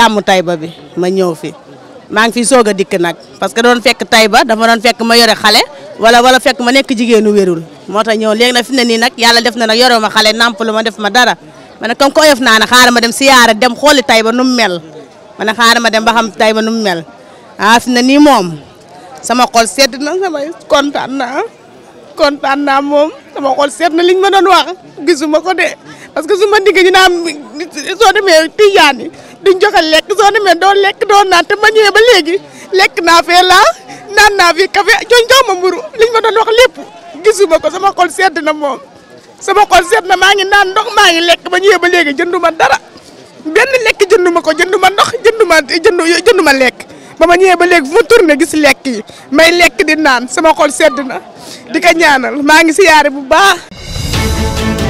gàmmu Taïba bi ma ñëw fi maa ngi fi soog a dikk nag parce que doon fekk Taïba dama doon fekk ma yore xale wala wala fekk ma nekk jigéenu wérul moo tax ñëw leeg na fi ne nii nag yàlla def na nag yore ma xale nampalu ma def ma dara ma ne comme ko oyof naa ne xaaral ma dem siyaara dem xooli Taïba nu mu mel ma ne xaaral ma dem ba xam Taïba nu mu mel ah fi ne moom sama xol sedd na sama kontaan naa moom sama xol seet na liñ ma doon wax gisuma ko de parce que su ma digg ñu naan soo demee tijaan yi duñ joxe lekk soo demee doo lekk doo naan te ma ñëwee ba léegi lekk naa fee laa naan naa fi café joñ jox ma mburu liñ ma doon wax lépp ma ko sama xol sedd na moom sama xol sedd na maa ngi naan ndox maa ngi lekk ma ñëwee ba léegi jënduma dara benn lekk jënduma ko jënduma ndox jënduma jënduma lekk ba ma ñëwee ba léegi fu ma tourné gis lekk yi may lekk di naan sama xol sedd na di ko ñaanal maa ngi siyaare bu baax.